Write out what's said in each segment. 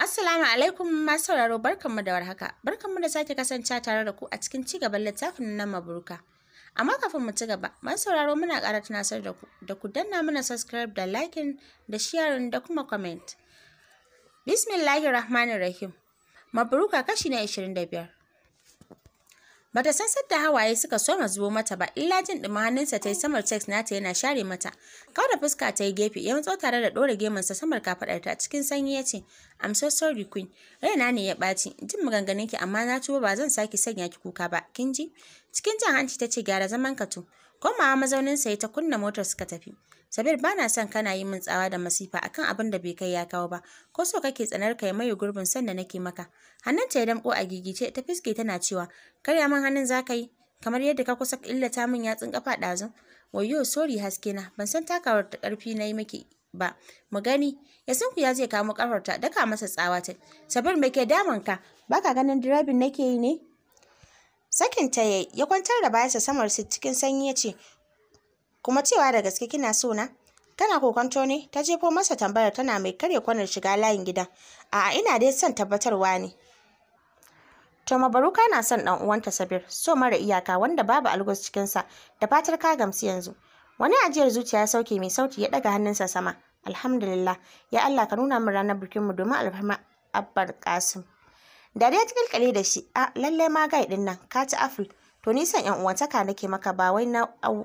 Assalamu alaikum masu sauraro barkanmu da warhaka. Barkanmu da sake kasance tare da ku a cikin ci gaban littafin na maburka. Amma kafin mu ci gaba, masu sauraro muna ƙara tunasar da ku da ku danna mana subscribe da likin, da sharing da kuma comment. Rahim. Mabruka kashi na 25. Bata san sadda hawaye suka so ma zubo mata ba, illa jin ɗumin hannunsa ta yi samar na nata yana share mata. Kau da fuska ta yi gefe, ya matso tare da ɗora gemunsa samar kafaɗarta cikin sanyi ya ce, I'm so sorry queen, raina ne ya ɓaci, jin maganganun ki amma na tuba ba zan sake sanya ki kuka ba, kin ji? Cikin jan hanci ta ce gyara zaman ka to. mazaunin sa ya ta kunna motar suka tafi. Sabir ba na son kana yi min tsawa da masifa akan abin da bai kai ya kawo ba. Ko so kake tsanar ka ya maye gurbin sanda da nake maka. Hannunta ya damƙo a gigice ta fiske tana cewa karya man hannun za ka yi kamar yadda ka kusa illata min yatsun kafa ɗazun. Wayo sori haske na ban san takawar da ƙarfi na yi miki ba mu gani ya ku ya zai kamo kafarta daka masa tsawa ta sabir me ke damun ka baka ganin direbin nake yi ne Sakin ta yi, ya kwantar da bayansa samar su cikin sanyi ya ce, Kuma cewa da gaske kina so na? Tana kokonto ne ta jefo masa tambayar tana mai karya kwanar shiga layin gida. A'a ina dai son tabbatarwa ne. To Mabaruka na son ɗan uwanta Sabir, so mara iyaka wanda babu algus cikinsa, da fatar ka gamsu yanzu. Wani ajiyar zuciya ya sauke mai sauti ya ɗaga hannunsa sama. Alhamdulillah, ya Allah ka nuna min ranar bikinmu domin alfarma Abbar Kasim. Dariya ta kalkale da shi, a lallai ma gai ɗin nan, ka ci afil, to nisan ‘yan uwantaka nake maka ba wai na au.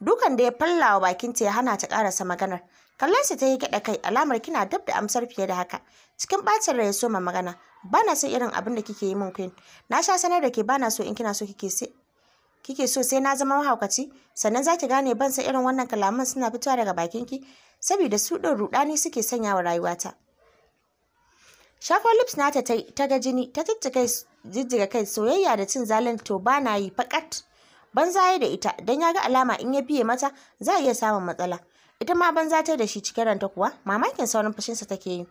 Dukan da ya fallawa bakinta ya hana ta karasa maganar. Kallon sa ta yi gyaɗa kai alamar kina dab da amsar fiye da haka. Cikin bacin rai ya soma magana. Ba na son irin abin da kike yi min queen. Na sha sanar da ke ba na so in kina so kike sai kike so sai na zama mahaukaci sannan za ki gane ban san irin wannan kalaman suna fitowa daga bakin ki saboda su ɗin ruɗani suke sanya wa rayuwata. shafar lips nata ta ga jini ta jijjiga kai soyayya da cin zalin to ba na yi fakat banza ya da ita don ya ga alama in ya biye mata za a iya samun matsala ita ma banza ta da shi cikin ranta kuwa mamakin saurin fushinsa take yi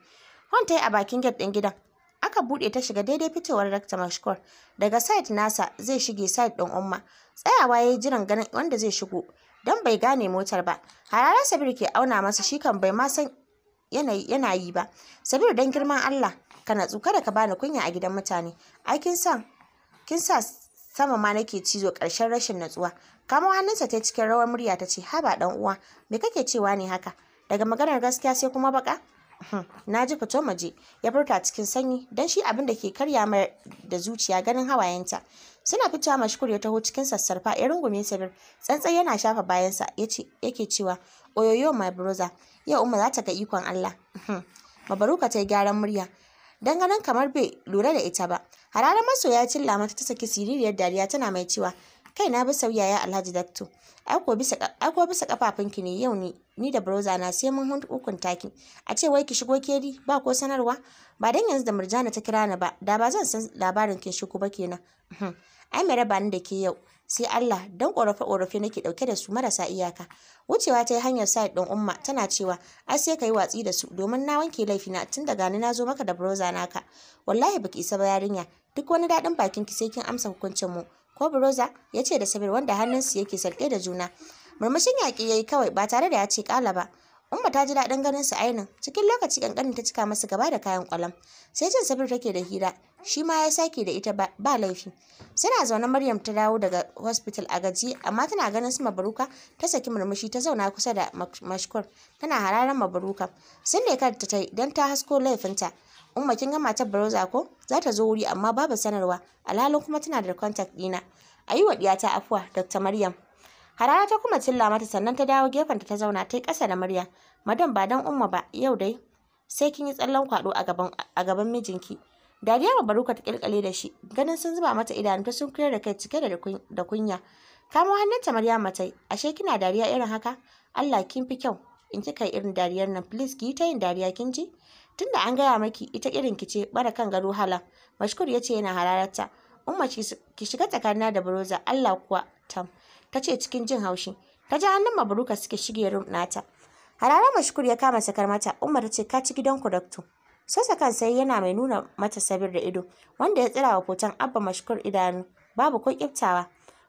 hon ta yi a bakin gate din gidan aka buɗe ta shiga daidai fitowar Dr. Mashkor. daga site nasa zai shige site ɗin Umma tsayawa ya yi jiran ganin wanda zai shigo don bai gane motar ba harara Sabir ke auna masa shi kan bai ma san yana yi ba sabir dan girman Allah ka natsu kada ka bani kunya a gidan mutane ai kin sa sama ma nake cizo karshen rashin natsuwa kama hannunsa ta cikin rawar murya ta ce haba dan uwa me kake cewa ne haka daga maganar gaskiya sai kuma baka uhm, na ji fito maje ya furta cikin sanyi don shi abin da ke karya mai da zuciya ganin hawayenta suna fita mashkur ya taho cikin sassarfa ya rungume sabir tsantsa yana shafa bayansa yake cewa oyoyo my brother yau umma za ta ga ikon Allah uhm. mabaruka ta yi gyaran murya dan ganin kamar bai lura da ita ba harara masoya cilla mata ta saki siririyar dariya tana mai cewa kai na bi sauya ya Alhaji Dattu aiko bisa kafafun bisa ne yau ni da broza na sai mun hukunta ki a ce wai ki shigo keri ba ko sanarwa ba dan yanzu da murjana ta kira ni ba da ba zan san labarin kin shigo ba kenan uhm. ai mai raba ni da ke yau sai Allah dan ƙorafe-ƙorafe nake ɗauke da su marasa iyaka wucewa ta yi hanyar sa ɗin umma tana cewa ai sai ka yi watsi da su domin na wanke laifina tun daga ni na zo maka da broza naka wallahi baki isa ba yarinya duk wani daɗin bakin ki sai kin amsa hukuncin mu ko broza ya ce da sabir wanda hannunsu yake sarƙe da juna murmushin yaƙi ya yi kawai ba tare da ya ce ƙala ba Umma ta ji daɗin ganin su ainin. Cikin lokaci ƙanƙanin ta cika masa gaba da kayan ƙwalam. Sai jin sabir take da hira. Shi ma ya sake da ita ba laifi. Suna zaune Maryam ta dawo daga hospital a gaji amma tana ganin su Mabaruka ta saki murmushi ta zauna kusa da Mashkur. Tana hararen Mabaruka. Sun ne kar ta tai don ta hasko laifinta. Umma kin ga matar Baroza ko? Za ta zo wuri amma babu sanarwa. Alhalin kuma tana da contact ɗina. A yi wa ɗiyata afuwa Dr. Maryam. Harara ta kuma cilla mata sannan ta dawo gefenta ta zauna ta yi ƙasa da murya. Madam ba dan umma ba yau dai sai kin yi tsallan kwaɗo a gaban mijinki. Dariya ba baruka ta ƙirƙale da shi ganin sun zuba mata idanu ta sun kuyar da kai cike da kunya. Kamo hannunta Maryam matai ashe kina dariya irin haka? Allah kin fi kyau in kika yi irin dariyar nan please ki yi ta yin dariya kin ji? Tunda an gaya maki ita irin ki ce bara kan gado hala. Mashkur ya ce yana hararata Umma ki shiga tsakanina da buroza Allah kuwa tam. ta ce cikin jin haushi ta ji hannun mabaruka suke shige rum nata harara mashkur ya kama sakar mata Umar ta ce ka ci gidanku dakto sosa kan sai yana mai nuna mata sabir da ido wanda ya tsira wa hoton abba mashkur idanu babu ko kiftawa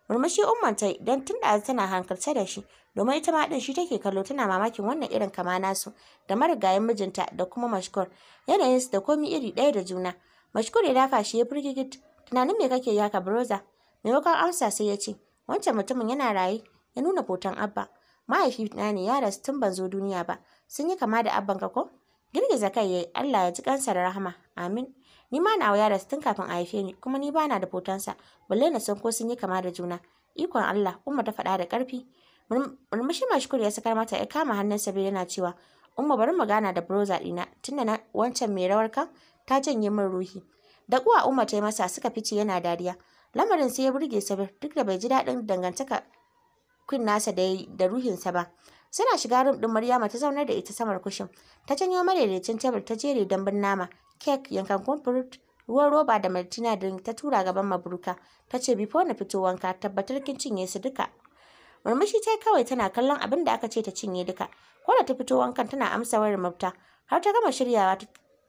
murmushi Umar ta don tun da tana hankalce da shi domin ita ma din shi take kallo tana mamakin wannan irin kama nasu da marigayen mijinta da kuma mashkur yanayinsu da komi iri ɗaya da juna mashkur ya dafa shi ya firgigit tunanin me kake yi haka broza maimakon amsa sai ya ce wancan mutumin yana raye ya nuna hoton abba mahaifi na ne ya rasu tun ban zo duniya ba sun yi kama da abban ka ko girgiza kai yayi Allah ya ji kansa da rahama amin ni ma nawa ya rasu tun kafin a haife ni kuma ni bana da fotonsa balle na san ko sun yi kama da juna ikon Allah umma ta faɗa da ƙarfi murmushi kuri ya sakar mata ya kama hannunsa bai yana cewa umma bari mu gana da broza dina tunda na wancan mai rawar kan ta janye min ruhi da kuwa umma ta yi masa suka fice yana dariya lamarin sai ya burge sabir duk da bai ji daɗin dangantaka kun nasa da da ruhinsa ba suna shiga rum ɗin maryama ta zaunar da ita samar kushin ta janyo madaidaicin tebur ta jere dambun nama kek yankan fruit, ruwan roba da martina drink ta tura gaban mabruka ta ce before na fito wanka tabbatar kin cinye su duka murmushi ta kawai tana kallon abin da aka ce ta cinye duka ko da ta fito wankan tana amsa wayar mafita har ta gama shiryawa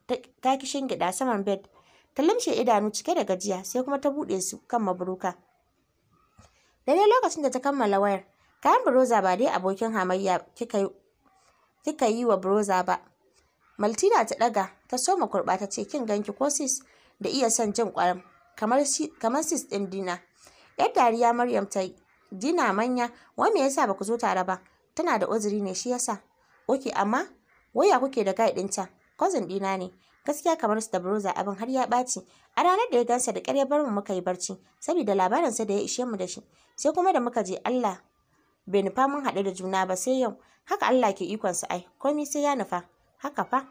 ta kishin gida saman bed ta limshe idanu cike da gajiya sai kuma ta buɗe su kan mabruka daidai lokacin da ta kammala wayar kayan buroza ba dai abokin hamayya kika yi wa buroza ba maltina ta ɗaga ta soma kurɓa ta ce kin ganki ko sis da iya son jin ƙwarin kamar sis ɗin dina yar dariya maryam ta yi dina manya wai me yasa baku zo tare ba tana da uzuri ne shi yasa oke amma waya kuke da gai ɗinta cousin ɗina ne gaskiya kamar su da broza abin har ya ɓaci a ranar da ya gansa da ƙarya bar mu muka yi barci saboda labarinsa da ya ishe mu da shi sai kuma da muka je Allah bai nufa mun haɗu da juna ba sai yau haka Allah ke ikon sa ai komai sai ya nufa haka fa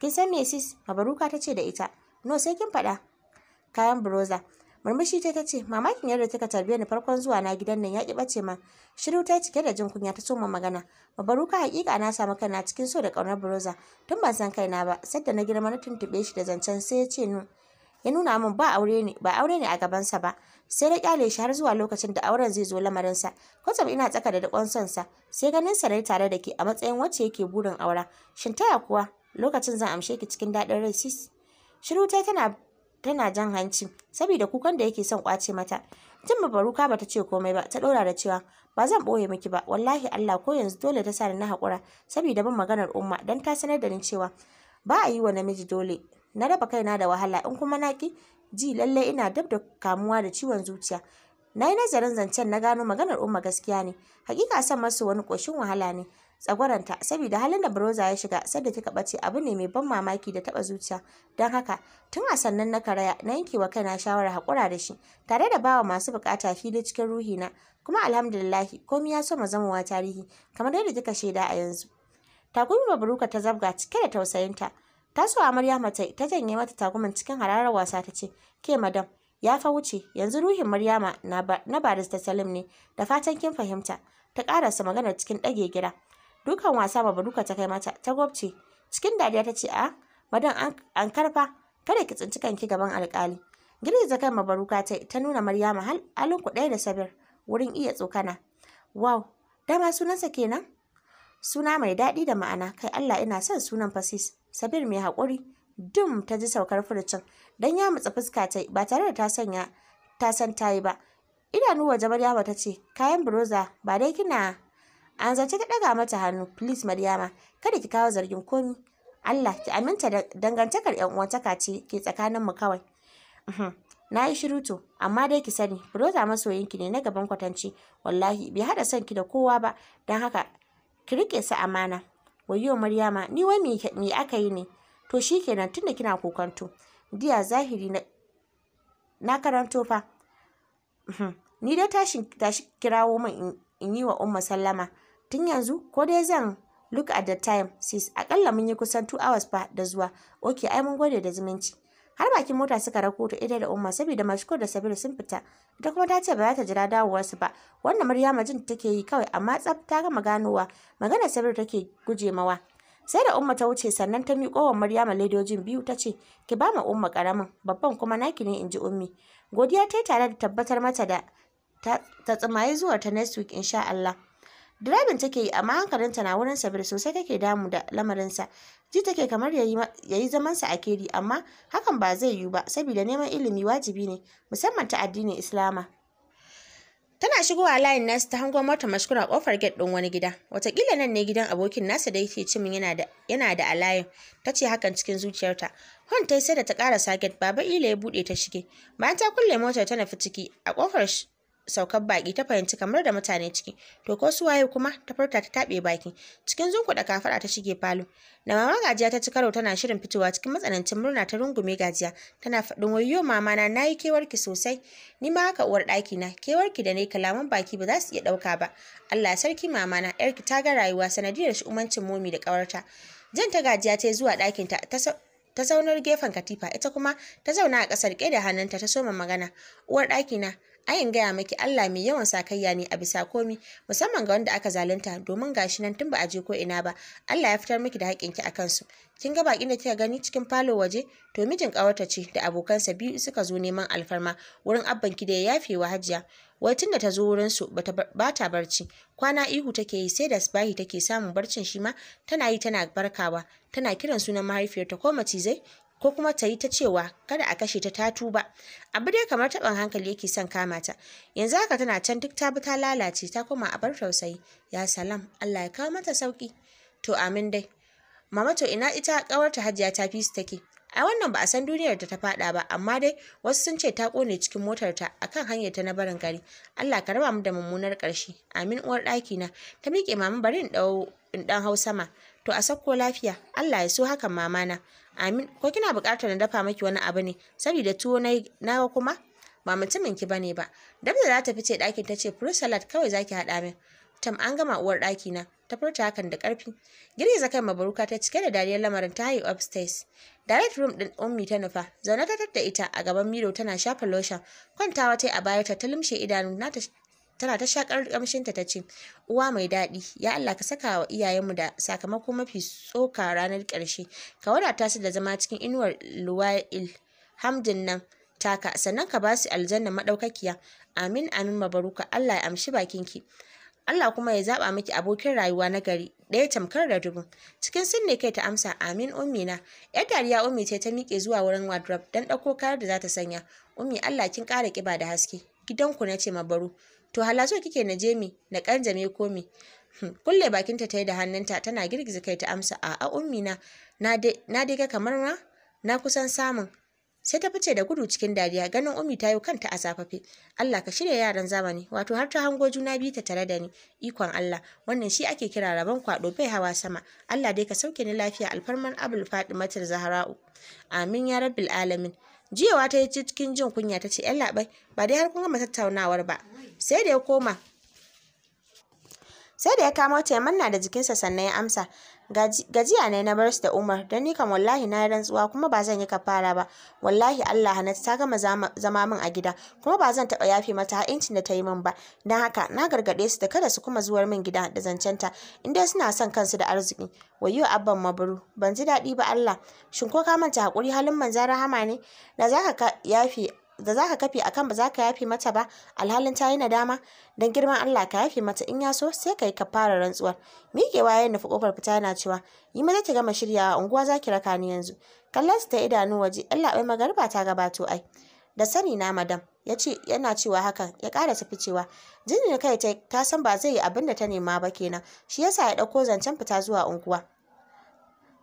kin san me sis mabaruka ta ce da ita no sai kin faɗa kayan broza murmushi ta tace mamakin yadda kika tarbiya ni farkon zuwa na gidan nan ya ki bace ma shiru ta cike da jin kunya ta soma magana ka hakika na samu kaina cikin so da kaunar broza tun ban san kaina ba sai da na girma na tuntube shi da zancen sai ya ce ni ya nuna min ba aure ne ba aure ne a gaban sa ba sai na kyale shi har zuwa lokacin da auren zai zo lamarin lamarinsa kwatsam ina tsaka da dakon son sa sai ganin sa rai tare da ke a matsayin wacce yake burin aura shin taya kuwa lokacin zan amshe ki cikin dadin rai sis shiru tana tana jan hanci saboda kukan da yake son kwace mata tun baruka bata ce komai ba ta ɗora da cewa ba zan ɓoye miki ba wallahi Allah ko yanzu dole ta sa ni na hakura saboda bin maganar umma dan ta sanar da ni cewa ba a yi wa namiji dole na raba kaina da wahala in kuma naki ji lallai ina dab da kamuwa da ciwon zuciya na yi nazarin zancen na gano maganar umma gaskiya ne hakika san masu wani koshin wahala ne tsagwaranta saboda halin da Broza ya shiga sai da kika bace abu ne mai ban mamaki da taba zuciya don haka tun a sannan na karaya na yanke wa kaina shawara hakura da shi tare da bawa masu bukata fili cikin ruhi na kuma alhamdulillahi komai ya so mu zama wa tarihi kamar yadda kika shaida a yanzu takumi mabruka ta zabga cike da tausayinta taso a maryama ta janye mata takumin cikin hararar wasa ta ce ke madam ya fa wuce yanzu ruhin maryama na barista salim ne da fatan kin fahimta ta karasa magana cikin dage gida dukan wasa baba baruka ta kai mata ta gwabce cikin dariya ta ce a madan an karfa kada ki tsinci kanki gaban alkali girgiza kan mabaruka ta ta nuna maryama hal ku ɗaya da sabir wurin iya tsokana wow dama sunansa kenan suna mai daɗi da ma'ana kai allah ina son sunan fasis sabir mai hakuri? dum ta ji saukar furucin dan ya mutsa fuska ta ba tare da ta sanya ta san ta yi ba idanu waje maryama ta ce kayan buroza ba dai kina an zance ta ɗaga mata hannu please maryama kada ki kawo zargin komi allah ki aminta da dangantakar yan uwantaka ce ke tsakanin mu kawai uhm, na yi shiru to amma dai ki sani furoza masoyinki ne na gaban kwatance. wallahi bai haɗa son ki da kowa ba don haka ki rike su amana Wayo maryama ni wai me aka yi ne to shi kenan tunda kina kokanto diya zahiri na na karanto fa uhm, ni dai tashi kirawo min in yi wa umma sallama tun yanzu ko dai zan look at the time sis akalla mun yi kusan 2 hours fa da zuwa okay ai mun gode da zumunci har bakin mota suka rako ta ita da umma saboda mashiko da sabir sun fita ita kuma ta ce ba za ta jira dawowarsu ba wannan maryama jin take yi kawai amma tsaf ta gama ganowa magana sabir take guje mawa sai da umma ta wuce sannan ta miƙo wa maryama ledojin biyu ta ce ki ba ma umma karamin babban kuma naki ne in ji ummi godiya ta yi tare da tabbatar mata da ta tsimaye zuwa ta next week insha Allah Direbin take yi amma hankalinta na wurin Sabir sosai take damu da lamarin sa Ji take kamar ya yi sa a keri amma hakan ba zai yiwu ba saboda neman ilimi wajibi ne musamman ta addinin Islama. Tana shigowa layin nasu ta hangon mota mashkura kofar gate din wani gida. watakila nan ne gidan abokin nasa da yake cimin yana da yana da alayin. Ta ce hakan cikin zuciyarta. Hon tai sai da ta karasa gate baba ila ya buɗe ta shige. Bayan ta kulle motar ta nufi ciki a kofar saukar baki ta fahimci kamar da mutane ciki to ko su waye kuma ta furta ta tabe baki cikin da kafara ta shige falo da mama gajiya ta ci karo tana shirin fitowa cikin matsanancin murna ta rungume gajiya tana faɗin wayo mama na nayi kewarki sosai ni ma haka uwar ɗaki na kewarki da nayi kalaman baki ba za su iya ɗauka ba Allah sarki mama na yarki ta ga rayuwa sanadiyar shi umancin momi da ƙawarta jan ta gajiya ta zuwa ɗakinta ta ta zaunar gefen katifa ita kuma ta zauna a ƙasar ke da hannunta ta soma magana uwar ɗaki na ayin gaya maki Allah mai yawan sakayya ne a bisa komi musamman ga wanda aka zalunta domin gashi nan tun ba a je ko ina ba Allah ya fitar miki da haƙƙinki a kansu kin ga bakin da kika gani cikin falo waje to mijin ƙawarta ce da abokansa biyu suka zo neman alfarma wurin abban ki da ya yafe wa hajiya wai tun da ta zo wurin su ba ta barci kwana ihu take yi sai da bahi take samun barcin shi ma tana yi tana barkawa tana kiran sunan mahaifiyarta ko macizai ko kuma ta yi ta cewa kada a kashe ta ta tuba abu dai kamar taɓin hankali yake son kama ta yanzu haka tana can duk ta bi ta lalace ta koma a bar tausayi ya salam Allah ya kawo mata sauki to amin dai mama to ina ita ƙawarta hajiya ta fi su take a wannan ba a san duniyar ta faɗa ba amma dai wasu sun ce ta ƙone cikin motarta akan hanyar ta na barin gari Allah ka raba mu da mummunar ƙarshe amin uwar ɗaki na ta miƙe mama bari in ɗau in ɗan hau sama to a sakko lafiya Allah ya so hakan mamana amin ko kina buƙatar na dafa maki wani abu ne saboda tuwo na nawa kuma ba mutumin ki bane ba dabda za ta fice ɗakin ta ce fruit salad kawai zaki haɗa min tam an gama uwar ɗaki na ta furta hakan da ƙarfi girgiza kai mabaruka ta cike da dariyar lamarin ta yi upstairs direct room ɗin ummi ta nufa zaune ta da ita a gaban miro tana shafa lotion kwantawa ta yi a bayar ta ta limshe idanu na ta tana ta shakar kamshinta ta ce uwa mai daɗi ya Allah ka saka wa iyayenmu da sakamako mafi tsoka ranar ƙarshe ka wadata su da zama cikin inuwar luwa'il hamdin nan taka sannan ka ba su aljanna madaukakiya amin amin mabaruka Allah ya amshi bakin ki. Allah kuma ya zaba miki abokin rayuwa na gari ɗaya tamkar da dubu cikin sinne kai ta amsa amin ummi na yar dariya ummi ce ta miƙe zuwa wurin wardrobe dan ɗauko kayar da za ta sanya ummi Allah kin ƙara kiba da haske gidanku na ce mabaru to halazo kike na je mi na kanjame ko mi hmm, kulle bakinta ta yi da hannunta tana girgiza kai ta amsa a a ummi na na dai ga kamar ma na kusan samun sai ta fice da gudu cikin dariya ganin ummi ta yi kanta a safafe Allah ka shirya yaran zamani wato har ta hango juna biyu ta tare da ni ikon Allah wannan shi ake kira rabon kwado bai hawa sama Allah dai ka sauke ni lafiya alfarman abul matar zahra'u amin ya rabbil alamin jiyawa ta yi cikin jin kunya ta ce yan labai ba dai har kun gama tattaunawar ba sai da ya koma sai da ya kamo ta ya manna da jikinsa sannan ya amsa gajiya ne na bar su da Umar don ni kan wallahi na rantsuwa kuma ba zan yi kafara ba wallahi Allah hanat ta gama zama min a gida kuma ba zan taɓa yafe mata incin da ta yi min ba don haka na gargaɗe su da kada su kuma zuwar min gida da zancenta in dai suna son kansu da arziki wayo abban maburu ban ji daɗi ba Allah shin ko ka manta hakuri halin manzan rahama ne da za ka yafe da za ka kafe akan ba za ka yafe mata ba alhalin ta yi nadama don girman Allah ka yafe mata in ya so sai ka yi fara rantsuwar miƙewa ya nufi kofar fita yana cewa yi maza ki gama shiryawa unguwa za ki raka ni yanzu kallon su ta idanu waje Allah bai magarba ta gabato ai da sani na madam ya ce yana cewa haka ya ƙara tafi cewa jini na kai ta ta san ba zai yi abin da ta nema ba kenan shi yasa ya ɗauko zancen fita zuwa unguwa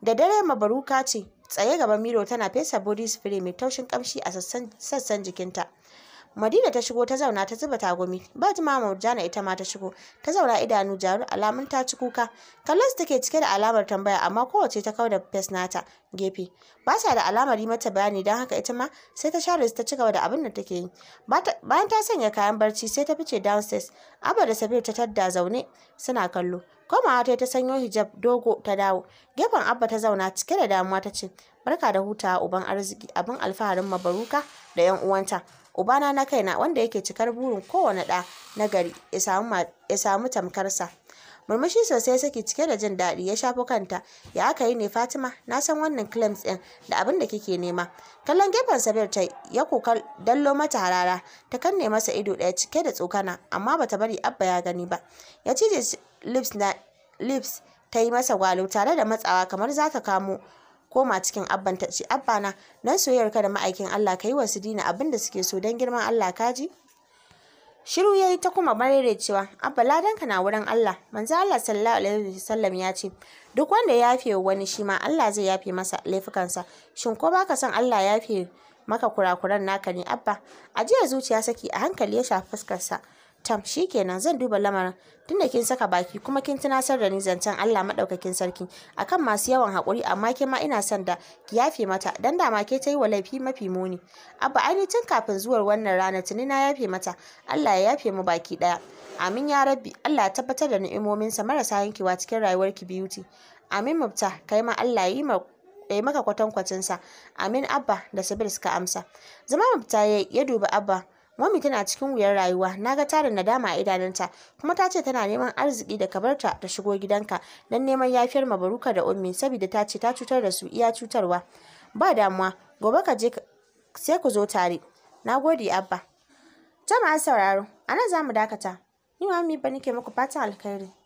da dare mabaruka ce tsaye gaban miro tana fesa body spray mai taushin kamshi a sassan jikinta madina ta shigo ta zauna ta zuba tagumi ba jima murjana ita ma ta shigo ta zauna idanu jaru alamun ta ci kuka kallon su take cike da alamar tambaya amma kowace ta kauda fes nata gefe ba sa da alamar yi mata bayani don haka ita ma sai ta share ta ci gaba da abin da take yi bayan ta sanya kayan barci sai ta fice downstairs abba da sabir ta tadda zaune suna kallo komawa ta ta sanyo hijab dogo ta dawo gefen abba ta zauna cike da damuwa ta ce barka da hutawa uban arziki abin alfaharin mabaruka da yan uwanta ubana na kaina wanda yake cikar burin kowane ɗa na gari ya samu tamkarsa murmushi sosai saki cike da jin daɗi ya shafo kanta ya aka yi ne fatima na san wannan clams ɗin da abin da kike nema kallon gefen sabir ta ya kokar dallo mata harara ta kanne masa ido ɗaya cike da tsokana amma bata bari abba ya gani ba ya cije lips na lips ta yi masa gwalo tare da matsawa kamar za ta kamo koma cikin abban ta ce abba na Don soyayyar ka da ma'aikin Allah ka yi wa su dina abin da suke so don girman Allah ka ji shiru yayi ta kuma barere cewa abba ka na wurin Allah manzo Allah sallallahu alaihi wasallam ya ce duk wanda ya yafe wani shi ma Allah zai yafe masa laifukansa shin ko baka son Allah ya yafe maka kurakuran naka ne abba a jiya zuciya saki a hankali ya shafi fuskarsa tam shi kenan, zan duba lamarin tun da kin saka baki kuma kin tunasar da ni zancen Allah maɗaukakin sarki akan masu yawan hakuri amma ke ma ina son da ki yafe mata dan da ma ke ta yi wa laifi mafi muni abba aini tun kafin zuwar wannan rana tuni na yafe mata Allah ya yafe mu baki ɗaya. amin ya rabbi Allah ya tabbatar da ni'imominsa marasa yankewa cikin rayuwar beauty amin mubta kai ma Allah yi ma ya yi maka kwatankwacinsa amin abba da sabir suka amsa zama mubta ya duba abba momi tana cikin wuyar rayuwa na ga tarin nadama a idanunta kuma ta ce tana neman arziki da kabarta ta shigo gidanka don neman yafiyar mabaruka da ummi saboda ta ce ta cutar da su iya cutarwa ba damuwa gobe ka je sai ku zo tare na gode abba jama'a sauraro a nan za mu dakata ni ma ba nake muku fatan alkhairi